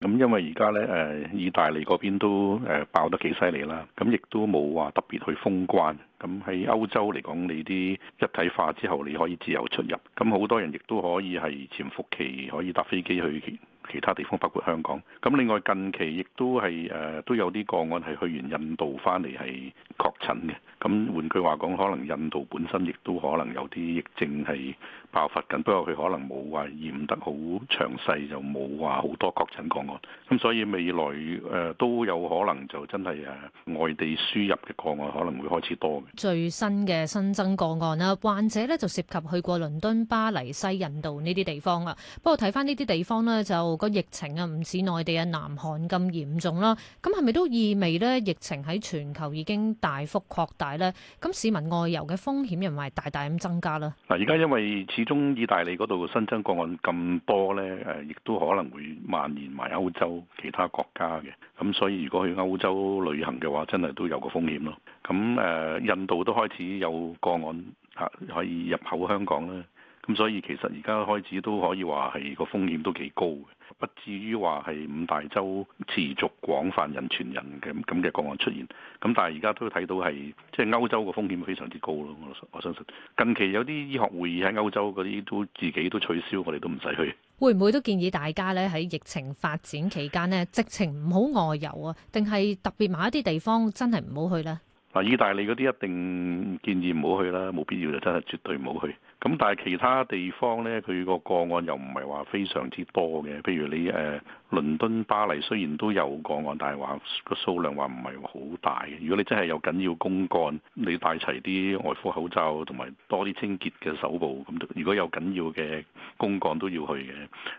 咁因為而家咧，誒，意大利嗰邊都誒爆得幾犀利啦，咁亦都冇話特別去封關。咁喺歐洲嚟講，你啲一體化之後，你可以自由出入，咁好多人亦都可以係潛伏期可以搭飛機去。其他地方包括香港，咁另外近期亦都係誒、呃、都有啲個案係去完印度翻嚟係確診嘅。咁換句話講，可能印度本身亦都可能有啲疫症係爆發緊，不過佢可能冇話驗得好詳細，就冇話好多確診個案。咁、嗯、所以未來誒都有可能就真係誒外地輸入嘅個案可能會開始多嘅。最新嘅新增個案啦，患者咧就涉及去過倫敦、巴黎、西印度呢啲地方啊。不過睇翻呢啲地方咧就。個疫情啊，唔似內地啊、南韓咁嚴重啦，咁係咪都意味呢？疫情喺全球已經大幅擴大呢？咁市民外遊嘅風險又唔係大大咁增加咧？嗱，而家因為始終意大利嗰度新增個案咁多呢，誒，亦都可能會蔓延埋歐洲其他國家嘅，咁所以如果去歐洲旅行嘅話，真係都有個風險咯。咁誒、呃，印度都開始有個案嚇、啊、可以入口香港啦。咁所以其實而家開始都可以話，係個風險都幾高嘅，不至於話，係五大洲持續廣泛人傳人嘅咁嘅個案出現。咁但係而家都睇到係即係歐洲個風險非常之高咯。我我相信近期有啲醫學會議喺歐洲嗰啲都自己都取消，我哋都唔使去。會唔會都建議大家咧，喺疫情發展期間咧，直情唔好外遊啊？定係特別某一啲地方真係唔好去啦？嗱，意大利嗰啲一定建議唔好去啦，冇必要就真係絕對唔好去。咁但係其他地方呢，佢個個案又唔係話非常之多嘅。譬如你誒倫敦、巴黎雖然都有個案，但係話個數量話唔係好大嘅。如果你真係有緊要公幹，你帶齊啲外科口罩同埋多啲清潔嘅手部咁。如果有緊要嘅公幹都要去嘅。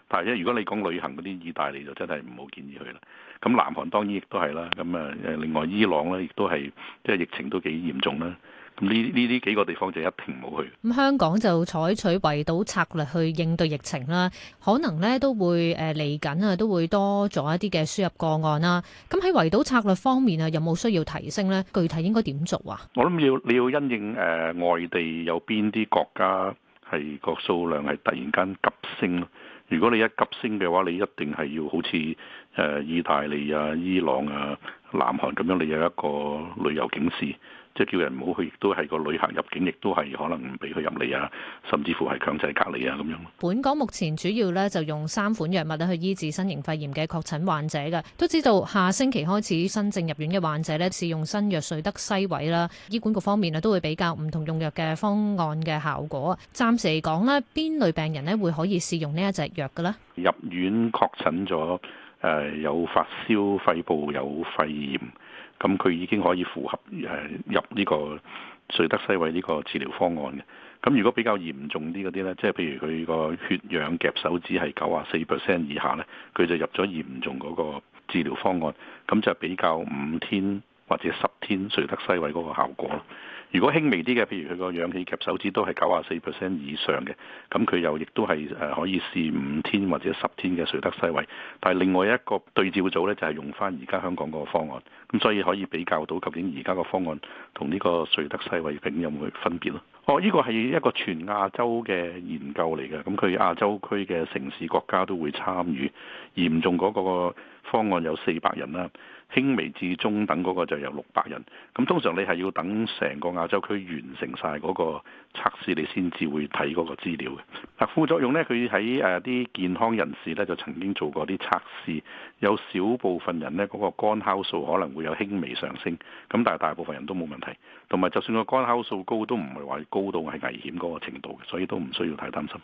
但係如果你講旅行嗰啲，意大利就真係唔好建議去啦。咁南韓當然亦都係啦。咁啊誒，另外伊朗呢亦都係即係。疫情都幾嚴重啦，咁呢呢呢幾個地方就一定冇去。咁香港就採取圍堵策略去應對疫情啦，可能呢都會誒嚟緊啊，都會、呃、都會多咗一啲嘅輸入個案啦。咁喺圍堵策略方面啊，有冇需要提升呢？具體應該點做啊？我諗要你要因應誒、呃、外地有邊啲國家係個數量係突然間急升。如果你一急升嘅話，你一定係要好似誒、呃、意大利啊、伊朗啊、南韓咁樣，你有一個旅遊警示。即係叫人唔好去，亦都係個旅行入境，亦都係可能唔俾佢入嚟啊，甚至乎係強制隔離啊咁樣。本港目前主要咧就用三款藥物咧去醫治新型肺炎嘅確診患者嘅。都知道下星期開始新症入院嘅患者咧試用新藥瑞德西韋啦，醫管局方面咧都會比較唔同用藥嘅方案嘅效果。暫時嚟講咧，邊類病人咧會可以試用一呢一隻藥嘅咧？入院確診咗。誒、呃、有發燒、肺部有肺炎，咁佢已經可以符合誒、呃、入呢個瑞德西韋呢個治療方案嘅。咁如果比較嚴重啲嗰啲呢，即係譬如佢個血氧夾手指係九啊四 percent 以下呢，佢就入咗嚴重嗰個治療方案，咁就比較五天，或者十天瑞德西韋嗰個效果，如果輕微啲嘅，譬如佢個氧氣夾手指都係九啊四 percent 以上嘅，咁佢又亦都係誒可以試五天或者十天嘅瑞德西韋，但係另外一個對照組呢，就係用翻而家香港嗰個方案，咁所以可以比較到究竟而家個方案同呢個瑞德西韋有冇分別咯。哦，呢個係一個全亞洲嘅研究嚟嘅，咁佢亞洲區嘅城市國家都會參與。嚴重嗰個方案有四百人啦，輕微至中等嗰個就有六百人。咁通常你係要等成個亞洲區完成晒嗰個測試，你先至會睇嗰個資料嘅。副作用呢，佢喺誒啲健康人士呢就曾經做過啲測試，有少部分人呢，嗰個肝酵素可能會有輕微上升，咁但係大部分人都冇問題，同埋就算個肝酵素高都唔係話高到係危險嗰個程度，所以都唔需要太擔心。